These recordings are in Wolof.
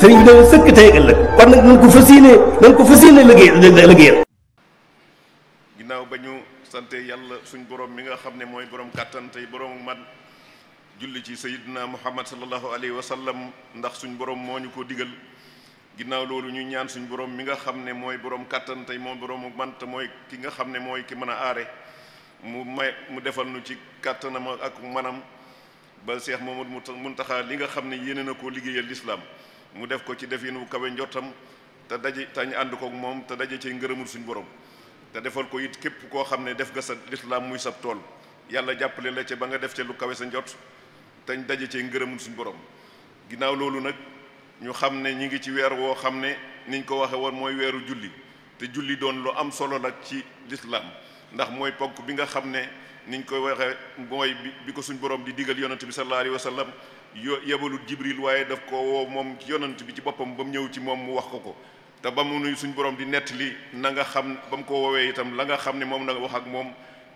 sëriñ bi sëkk tey ëllëg kon nag nañ ko fas yéene nañ ko fas yéene liggéey liggéeyal ginnaaw ba ñu sante yàlla suñ borom mi nga xam ne mooy borom kàttan tey borom man julli ci sayidina muhammad sallallahu alayhi wa sallam ndax suñ borom moo ñu ko digal ginnaaw loolu ñu ñaan suñ borom mi nga xam ne mooy borom kàttan tey moom borom man mooy ki nga xam ne mooy ki mën a aare mu may mu defal nu ci kàttanam ak manam ba Cheikh mun Muntaxa li nga xam ne yéene na koo liggéeyal lislaam mu def ko ci def defin wu kawe njottam te daje tañ ànd kook moom te daje ci ngërëmul suñu borom te defal ko it képp koo xam ne def nga sa lislaam muy sab tool yàlla jàppale la ca ba nga def ca lu kawe sa njot teñ daje ci ngërëmul suñ borom ginnaaw loolu nag ñu xam ne ñi ngi ci weer woo xam ne niñ ko waxe woon mooy weeru julli te julli doon lu am solo la ci lislaam ndax mooy ponk bi nga xam ne niñ ko waxee mooy bi bi ko suñu boroom di diggal yonent bi sallallahu alayhi wa sallam yo yebalul jibril waaye daf ko woo moom yonent bi ci boppam ba mu ñëw ci moom mu wax ko ko te ba mu nuy suñ borom di nettali na nga xam ba ko woowee itam la nga xam ne moom na wax ak moom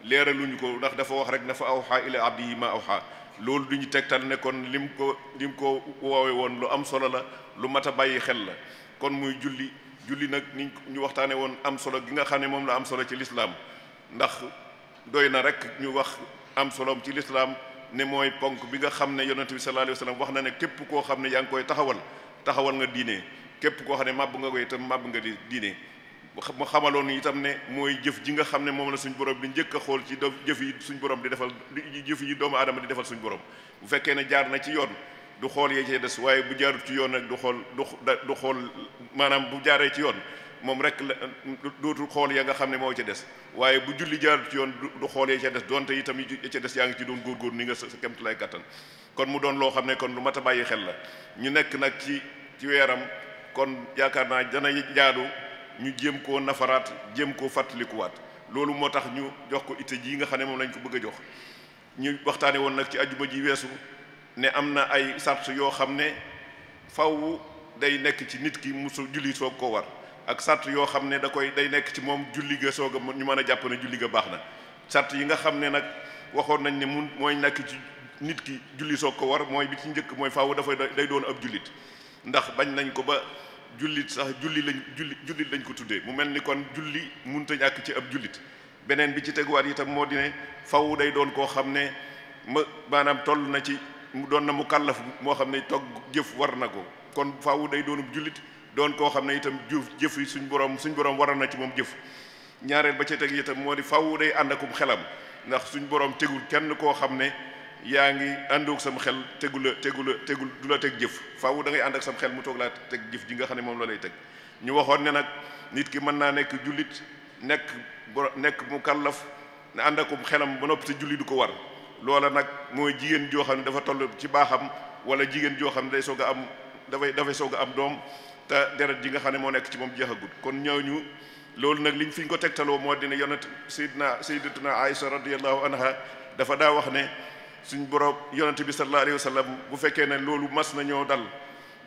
leeraluñu ko ndax dafa wax rek na fa awxaa ila abdihi ma awxaa loolu duñu tegtal ne kon lim ko lim ko woowe woon lu am solo la lu mat a bàyyi xel la kon muy julli julli nag ni ñu waxtaane woon am solo gi nga xam ne moom la am solo ci lislaam ndax doy na rek ñu wax am soloom ci lislaam ne mooy ponk bi nga xam ne yonent bi sallallahu alayhi wasallam wax na ne képp koo xam ne yaa ngi koy taxawal taxawal nga diine képp koo xam ne màbb nga koy itam màbb nga diine mu xamaloon itam ne mooy jëf ji nga xam ne moom la suñ borom di njëkk a xool ci do jëf yi suñ borom di defal jëf yi doomu aadama di defal suñ borom bu fekkee ne jaar na ci yoon du xool yee cee des waaye bu jaarut ci yoon nag du xool du du xool maanaam bu jaaree ci yoon moom rek la dootu xool ya nga xam ne moo ca des waaye bu julli jaarut ci yoon du xool ya ca des donte itam ya ca des yaa ngi ci doon góorgóor ni nga sa kemt lay kattan kon mu doon loo xam ne kon lu mat a bàyyi xel la ñu nekk nag ci ci weeram kon yaakaar naa dana jaadu ñu jéem koo nafaraat jéem koo fàttalikuwaat loolu moo tax ñu jox ko itte ji nga xam ne moom lañ ko bëgg a jox ñu waxtaane woon nag ci ajuma ji weesu ne am na ay sart yoo xam ne faw day nekk ci nit ki musu julli soog war ak sart yoo xam ne da koy day nekk ci moom julli ga soog ñu mën a jàpp ne julli ga baax na sart yi nga xam ne nag waxoon nañ ne mun mooy nakk ci nit ki julli soog ko war mooy bi ci njëkk mooy faaw dafa day doon ab jullit ndax bañ nañ ko ba jullit sax julli lañ julli jullit lañ ko tuddee mu mel ni kon julli munta ñàkk ci ab jullit beneen bi ci teguwaat itam moo di ne faw day doon koo xam ne ma maanaam toll na ci mu doon na mu kàllaf moo xam ne togg jëf war na ko kon faw day doonub jullit doon koo xam ne itam jëf jëf yi suñ borom suñu borom waroon na ci moom jëf ñaareel ba ca teg itam moo di faww day ànd akum xelam ndax suñu borom tegul kenn koo xam ne yaa ngi àndoog sama xel tegu la tegul du la teg jëf faww da ànd ak sam xel mu toog laa teg jëf ji nga xam ne moom la lay teg ñu waxoon ne nag nit ki mën naa nekk jullit nekk bo nekk mu kàllaf ne ànd akum xelam ba noppi te julli du ko war loola nag mooy jigéen joo xam ne dafa toll ci baaxam wala jigéen joo xam ne day soog a am dafay dafay soog a doom te deret ji nga xam ne moo nekk ci moom jeexagul kon ñooñu loolu nag liñ fi ñu ko tegtaloo moo dina yonent sayyidina sayyidatuna Aïsa radiyallahu anha dafa daa wax ne suñ borom yonent bi sallallahu alayhi wa sallam bu fekkee ne loolu mas na ñoo dal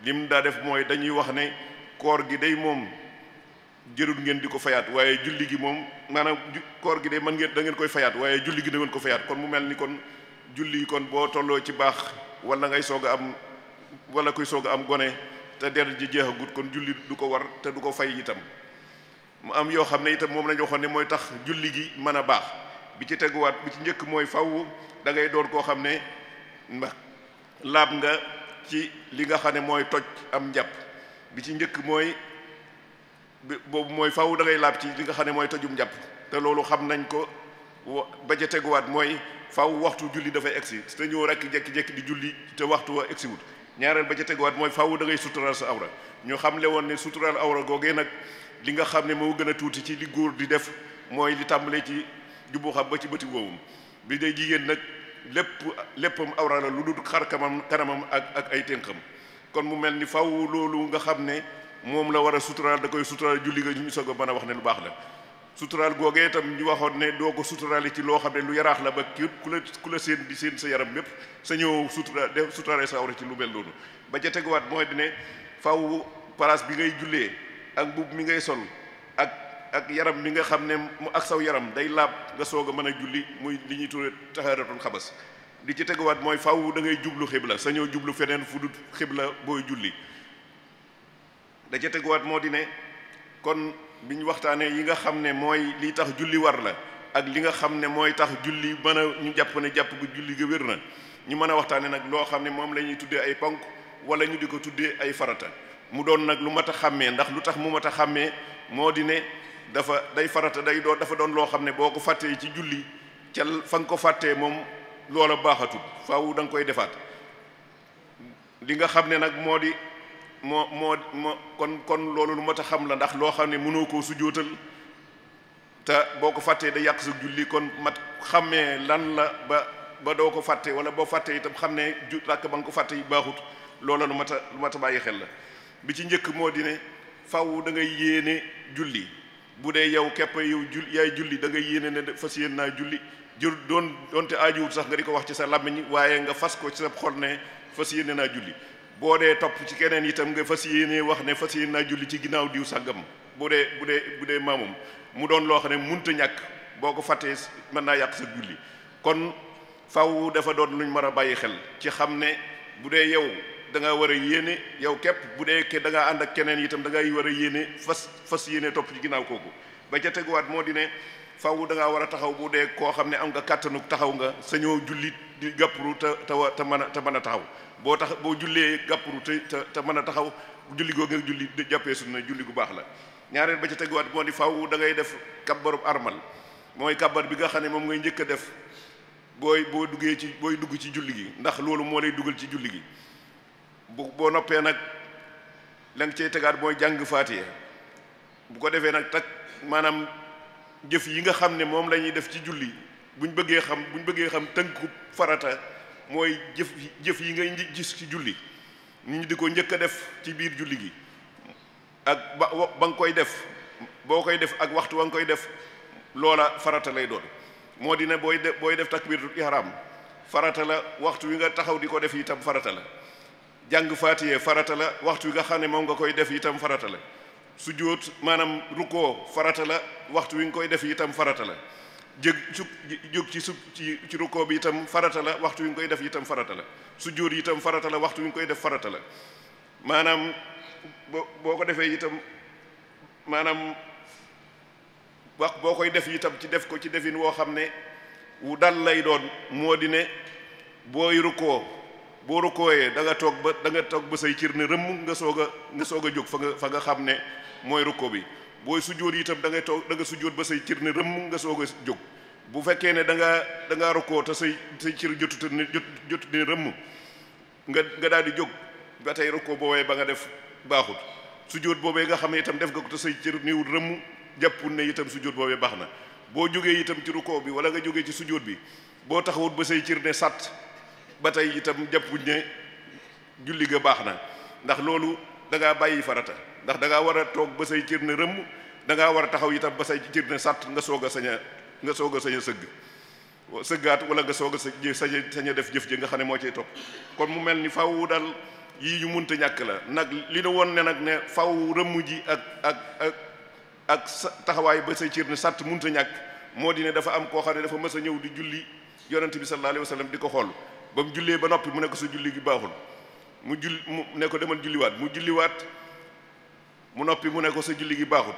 lim daa def mooy dañuy wax ne koor gi day moom jërul ngeen di ko fayaat waaye julli gi moom maanaam koor gi day mën ngeen da ngeen koy fayaat waaye julli gi da ngeen ko fayaat kon mu mel ni kon julli kon boo tolloo ci baax wala ngay soog a am wala kuy soog a am gone te der ji jeexagut kon julli du ko war te du ko fay itam mu am yoo xam ne itam moom lañu waxoon ne mooy tax julli gi mën a baax bi ci teguwaat bi ci njëkk mooy faw da ngay doon xam ne ndax laab nga ci li nga xam ne mooy toj am njàpp bi ci njëkk mooy boobu mooy faw da ngay laab ci li nga xam ne mooy tojum njàpp te loolu xam nañ ko ba ca teguwaat mooy faw waxtu julli dafay egsi te ñëw rekk jekki-jekki di julli te waxtu wa egsiwut ñaareel ba ca teguwaat mooy faawu da ngay suturaal sa awra ñu xamle woon ne suturaal awra googee nag li nga xam ne moo gën a tuuti ci li góor di def mooy li tàmbalee ci jubbu xam ba ci bati woowum bi day jigéen nag lépp léppam awra la lu dul xar kanamam kanamam ak ak ay tënkam kon mu mel ni faaw loolu nga xam ne moom la war a suturaal da koy suturaal julli ga ñu soog a mën a wax ne lu baax la suturaal googee itam ñu waxoon ne doo ko suturaale ci loo xam ne lu yaraax la ba képp ku la ku la seen di seen sa yaram bépp sa ñëw sutura def suturaale sa awra ci lu mel noonu ba ca teguwaat mooy dine faw place bi ngay jullee ak mbubb mi ngay sol ak ak yaram mi nga xam ne ak saw yaram day laab nga soog a mën a julli muy li ñuy tuddee taxaaratul xabas li ci teguwaat mooy faw da ngay jublu xibla sa ñëw jublu feneen fu dut xibla booy julli da ca teguwaat moo di ne kon biñ waxtaanee yi nga xam ne mooy li tax julli war la ak li nga xam ne mooy tax julli mën a ñu jàpp ne jàpp gu julli ga wér na ñu mën a waxtaanee nag loo xam ne moom la ñuy tuddee ay ponk wala ñu di ko tuddee ay farata mu doon nag lu mat a xàmmee ndax lu tax mu mat a xàmmee moo di ne dafa day farata day doon dafa doon loo xam ne boo ko fàttee ci julli ca fa nga ko fàttee moom loola baaxatul faaw danga koy defaat li nga xam ne nag moo di. moo moo moo kon kon loolu lu mat a xam la ndax loo xam ne mënoo koo sujootal te boo ko fàttee da yàq sa julli kon mat xammee lan la ba ba doo ko fàtte wala boo fàttee itam xam ne ju ràkk ba nga ko fàtte yi baaxut loola lu mat a lu mat a bàyyi xel la bi ci njëkk moo di ne faw da ngay julli bu dee yow képp yow jul yaay julli da nga yéene ne fas yéen naa julli jur doon doonte aajuwut sax nga di ko wax ci sa làmmiñ waaye nga fas ko ci sa xol ne fas yéene naa julli boo dee topp ci keneen itam nga fas yéene wax ne fas yéene naa julli ci ginnaaw diw sàggam bu dee bu dee bu dee maamum mu doon loo xam ne munta ñàkk boo ko fàttee mën naa yàq sa julli kon faw dafa doon luñ mën a bàyyi xel ci xam ne bu dee yow da nga war a yéene yow képp bu dee ke ngaa ànd ak keneen itam dangay ngay war a yéene fas fas yéene topp ci ginnaaw kooku ba ca teguwaat moo di ne faaw da ngaa war a taxaw bu dee koo xam ne am nga kàttanu taxaw nga sañoo jullit di gàppru te te te mën a te mën a taxaw boo tax boo jullee gàppru te te mën a taxaw julli goo nga julli di jàppee sunna julli gu baax la ñaareel ba ci teguwaat moo di faaw da ngay def kabbarub armal mooy kabbar bi nga xam ne moom ngay njëkk a def booy boo duggee ci booy dugg ci julli gi ndax loolu moo lay dugal ci julli gi bu boo noppee nag la nga tegaat mooy jàng faatiye bu ko defee nag tak maanaam jëf yi nga xam ne moom lañuy def ci julli buñ bëggee xam buñ bëggee xam tënku farata mooy jëf jëf yi ngay gis ci julli ñu di ko njëkk a def ci biir julli gi ak ba ba nga koy def boo koy def ak waxtu wa nga koy def loola farata lay doon moo di ne booy def booy def takbiratul ihram farata la waxtu wi nga taxaw di ko def itam farata la jàng faatiye farata la waxtu wi nga xam ne moom nga koy def itam farata la sujjóot maanaam rukkoo farata la waxtu wi nga koy def itam farata la jëg su ci su ci ci rukkoo bi itam farata la waxtu wi nga koy def itam farata la sujjóot itam farata la waxtu wi nga koy def farata la maanaam boo boo ko defee itam maanaam wax boo koy def yitam ci def ko ci defin woo xam ne wu dal lay doon moo di ne booy rukkoo boo rukkooyee da nga toog ba da nga toog ba say cër ne rëmm nga soog a nga soog a jóg fa nga fa nga xam ne mooy rukkoo bi booy sujjóot itam da ngay toog da nga sujjóot ba say cër ne rëmm nga soog a jóg bu fekkee ne da nga da ngaa rukkoo te say say cër jotut ne jot jotut ne nga nga daal di jóg ba tey rukkoo boobee ba nga def baaxut sujjóot boobee nga xam ne itam def nga ko te say cër niwul rëmm jàppul ne itam sujjóot boobee baax na boo jógee itam ci rukkoo bi wala nga jógee ci sujjóot bi boo taxawut ba say cër ne sat ba tey itam jàppuñ ne julli ga baax na ndax loolu da bàyyi farata ndax da ngaa war a toog ba say cër ne rëmm da war a taxaw itam ba say cër ne sàtt nga soog a sañ nga soog a sañ a sëgg sëggaat wala nga soog a sa sañ a def jëf ji nga xam ne moo ciy topp kon mu mel ni faw daal yii ñu munta ñàkk la nag li na woon ne nag ne faw rëmm ji ak ak ak taxawaay ba say cër ne sàtt munta ñàkk moo di ne dafa am koo xam ne dafa mësa ñëw di julli yonent bi sallallahu alayhi wa di ko xool ba mu jullee ba noppi mu ne sa julli gi baaxul mu jull mu ne demal julliwaat mu julliwaat mu noppi mu ne sa julli gi baaxut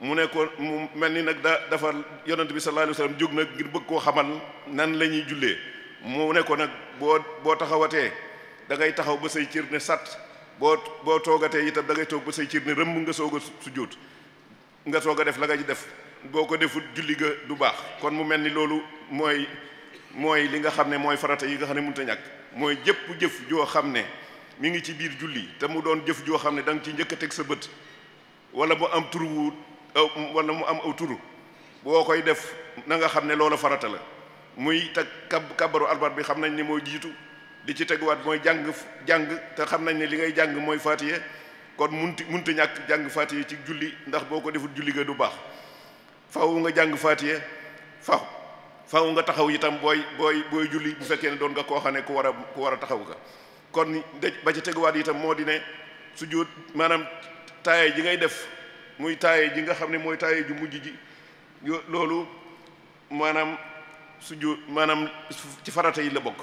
mu ne mu mel ni nag da dafa yonent bi sallallahu alayhi nag ngir bëgg koo xamal nan la ñuy jullee mu ne nag boo boo taxawatee da taxaw ba say cër ne sat boo boo toogatee itam da ngay toog ba say cër ne rëmb nga soog a sujjóot nga soog a def la nga ci def boo ko defut julli du baax kon mu mel ni loolu mooy mooy li nga xam ne mooy farata yi nga xam ne mënut a ñàkk mooy jëpp jëf joo xam ne mu ngi ci biir julli te mu doon jëf joo xam ne da nga ci njëkk a teg sa bët wala mu am turu wu wala mu am aw turu boo koy def na nga xam ne loolu farata la muy teg kab kabaru albat bi xam nañ ne mooy jiitu di ci teguwaat mooy jàng jàng te xam nañ ne li ngay jàng mooy faatiye kon munti munti ñàkk jàng faatiye ci julli ndax boo ko deful julli ga du baax faw nga jàng faatiye faw faaw nga taxaw itam booy booy booy julli bu fekkee ne doon nga koo xam ku war a war a taxaw nga kon ba ca teguwaat itam moo di ne sujjóot maanaam taaye ji ngay def muy taaye ji nga xam ne mooy taaye ju mujj ji loolu maanaam sujjóot maanaam ci farata yi la bokk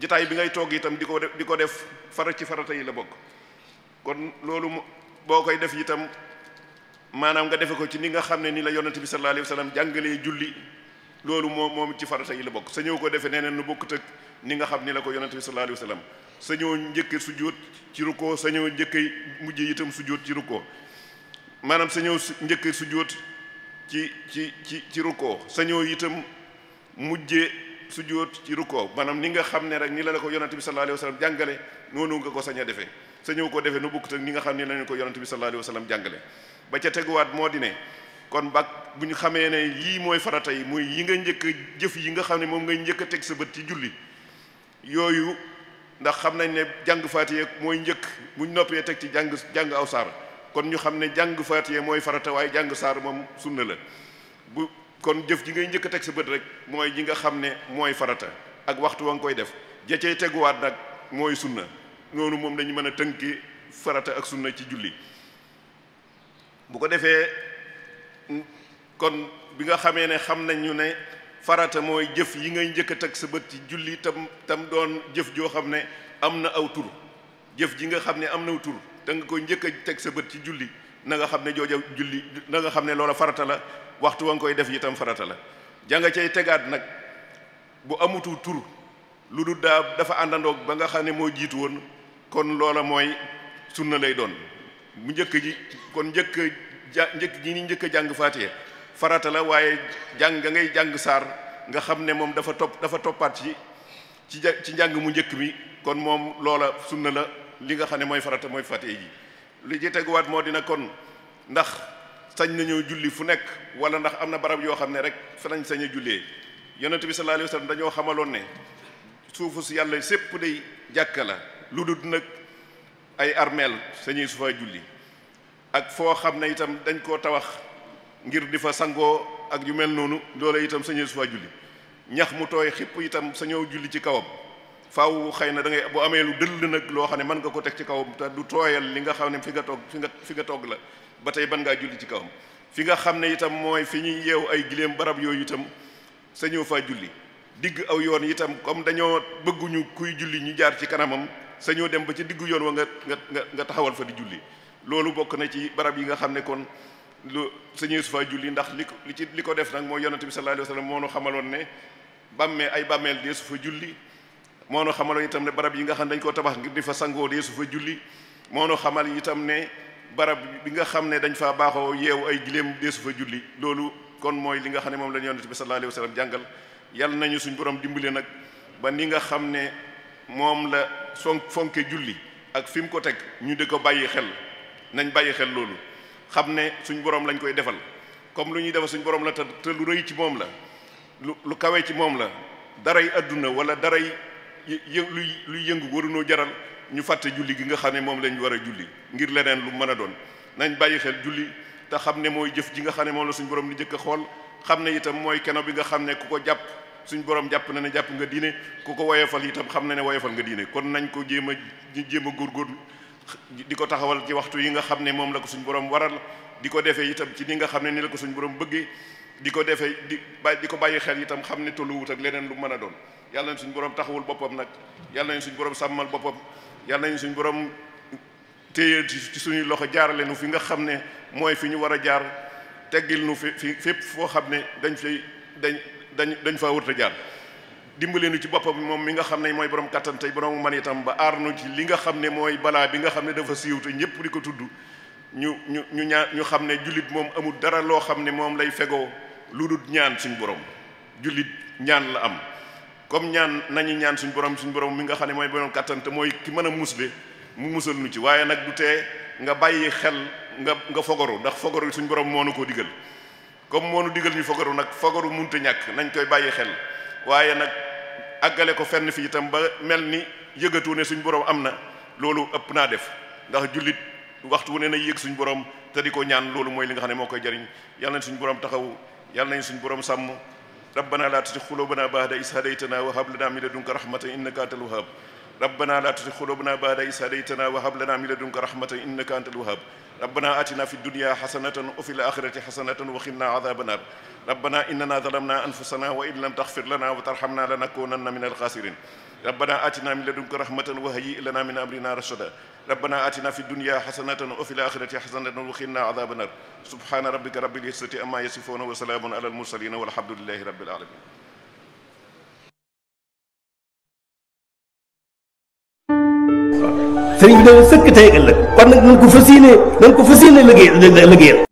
jataay bi ngay toog itam di ko def di ko def fara ci farata yi la bokk kon loolu boo koy def itam maanaam nga defe ko ci ni nga xam ne ni la yonent bi sallallahu alayhi wa jàngalee julli loolu moo moom ci farata yi la bokk sa ñëw ko defee neneen lu bokkut ak ni nga xam ni la ko yonent bi sallallahu alayhi wa sallam sa ñëw njëkke ci rukkoo sa ñëw njëkke mujj itam sujjóot ci rukkoo maanaam sa ñëw njëkke sujjóot ci ci ci ci rukkoo sa ñëw itam mujjee ci rukkoo maanaam ni nga xam ne rek ni la la ko yonent bi sallallahu alayhi wa sallam jàngale noonu nga ko sañ a defee sa ñëw ko defee nu bokkut ak ni nga xam ne la ñu ko yonent bi sallallahu alayhi wa sallam jàngale ba ca teguwaat moo di ne kon bag bu ñu xamee ne yii mooy farata yi muy yi nga njëkk jëf yi nga xam ne moom ngay njëkk a teg sa bët ci julli yooyu ndax xam nañ ne jàng faatiye mooy njëkk bu noppee teg ci jàng jàng saar kon ñu xam ne jàng faatiye mooy farata waaye jàng saar moom sunna la bu kon jëf ji ngay njëkk teg sa bët rek mooy ji nga xam ne mooy farata ak waxtu wa nga koy def jacey teguwaat nag mooy sunna noonu moom dañu mën a tënki farata ak sunna ci julli bu ko defee kon bi nga xamee ne xam nañu ne farata mooy jëf yi ngay njëkk a teg sa bët ci julli tam tam doon jëf joo xam ne am na aw tur jëf ji nga xam ne am na aw tur te nga koy njëkk a teg sa bët ci julli na nga xam ne jooja julli na nga xam ne loola farata la waxtu wa nga koy def itam farata la janga cay tegaat nag bu amutu tur lu du daa dafa àndandoog ba nga xam ne moo jiitu woon kon loola mooy sunna lay doon mu njëkk ji kon njëkk ja njëkk gi njëkk a jàng faatiha farata la waaye jàng nga ngay jàng saar nga xam ne moom dafa topp dafa toppaat ci ci ci njàng mu njëkk bi kon moom loola sunna la li nga xam ne mooy farata mooy faatiha yi li ci teguwaat moo dina kon ndax sañ nañu julli fu nekk wala ndax am na barab yoo xam ne rek fa lañ sañ a jullee yonent bi sallallahu alayhi wa dañoo xamaloon ne suufu si yàlla sépp day jàkka la lu dul nag ay armeel sañuy sufa julli ak foo xam ne itam dañ koo tawax ngir di fa sangoo ak yu mel noonu loola itam sañee su fa julli ñax mu tooy xipp itam sañoo julli ci kawam faaw xëy na dangay ngay bu amee lu dëll nag loo xam ne mën nga ko teg ci kawam te du tooyal li nga xam ne fi nga toog fi nga fi nga toog la ba tey ban ngaa julli ci kawam fi nga xam ne itam mooy fi ñuy yeew ay giléem barab yooyu itam sañoo faa julli digg aw yoon itam comme dañoo bëgguñu kuy julli ñu jaar ci kanamam sañoo dem ba ci diggu yoon wa nga nga nga taxawal fa di julli loolu bokk na ci barab yi nga xam ne kon lu sëñ Yusufa julli ndax li ko li ci li ko def nag mooy yonent bi sallallahu alayhi wa sallam moo xamaloon ne bàmmee ay bàmmeel dee fa julli moo nu itam ne barab yi nga xam ne dañ koo tabax ngir di fa sangoo dee su fa julli moo nu xamal itam ne barab bi nga xam ne dañ faa baaxoo yeewu ay giléem dee su fa julli loolu kon mooy li nga xam ne moom la yonent bi sallallahu alayhi wa jàngal yàlla nañu suñ borom dimbale nag ba ni nga xam ne moom la son fonke julli ak fi mu ko teg ñu de ko bàyyi xel nañ bàyyi xel loolu xam ne suñ borom lañ koy defal comme lu ñuy defal suñ borom la te te lu rëy ci moom la lu lu kawe ci moom la daray adduna wala daray yë luy luy yëngu warunoo jaral ñu fàtte julli gi nga xam ne moom lañ war a julli ngir leneen lu mën a doon nañ bàyyi xel julli te xam ne mooy jëf ji nga xam ne moom la suñ borom li njëkk a xool xam ne itam mooy keno bi nga xam ne ku ko jàpp suñ borom jàpp na ne jàpp nga diine ku ko woyofal itam xam na ne woyofal nga diine kon nañ ko jéem a jéem góor góorgóorlu di ko taxawal ci waxtu yi nga xam ne moom la ko suñu borom waral di ko defee itam ci ni nga xam ne ni la ko suñu boroom bëggee di ko defee di di ko bàyyi xel itam xam ne tolluwut ak leneen lu mën a doon yàlla nañ suñ borom taxawul boppam nag yàlla nañ suñ borom sàmmal boppam yàlla nañ suñu borom téye ci suñuy loxo jaarale nu fi nga xam ne mooy fi ñu war a jaar teggil nu fi fi fépp foo xam ne dañ fay dañ dañ dañ faa wërta jaar dimbale nu ci boppam moom mi nga xam ne mooy borom kattan tey borom man itam ba aar ci li nga xam ne mooy balaa bi nga xam ne dafa siiw te ñëpp di ko tudd ñu ñu ñu ñaan ñu xam ne jullit moom amul dara loo xam ne moom lay fegoo lu dul ñaan suñu borom jullit ñaan la am. comme ñaan nañu ñaan suñu borom suñu borom mi nga xam ne mooy borom kattan te mooy ki mën a musle mu musal nu ci waaye nag du tee nga bàyyi xel nga nga fogaru ndax fogaru suñu borom moo nu ko comme moo nu digal ñu nag fogaru mënut ñàkk nañ koy bàyyi xel waaye nag. àggale ko fenn fi itam ba mel ni yëgatu ne suñ borom am na loolu ëpp naa def ndax jullit waxtu wu ne na yëg suñ borom te ñaan loolu mooy li nga xam ne moo koy jariñ yàlla nañ suñ borom taxawu yàlla nañ suñ borom sàmm rabbana la tuti xulubana baada is hadaytana wa hab lana min ladunka rahmatan innaka antal rabbana la tuti xulubana baada wa hab lana min ladunka wa fil akhirati ربنا إننا ظلمنا أنفسنا وإن لم تغفر لنا وترحمنا لنكونن من الخاسرين ربنا آتنا من لدنك رحمة وهيئ لنا من أمرنا رشدا ربنا آتنا في الدنيا حسنة وفي الآخرة حسنة وقنا عذاب النار سبحان ربك رب العزة عما يصفون وسلام على المرسلين والحمد لله رب العالمين sëriñ bi dana sëkk tey ëllëg kon nag nañ ko fas yéene nañ ko fas yéene liggéey liggéeyal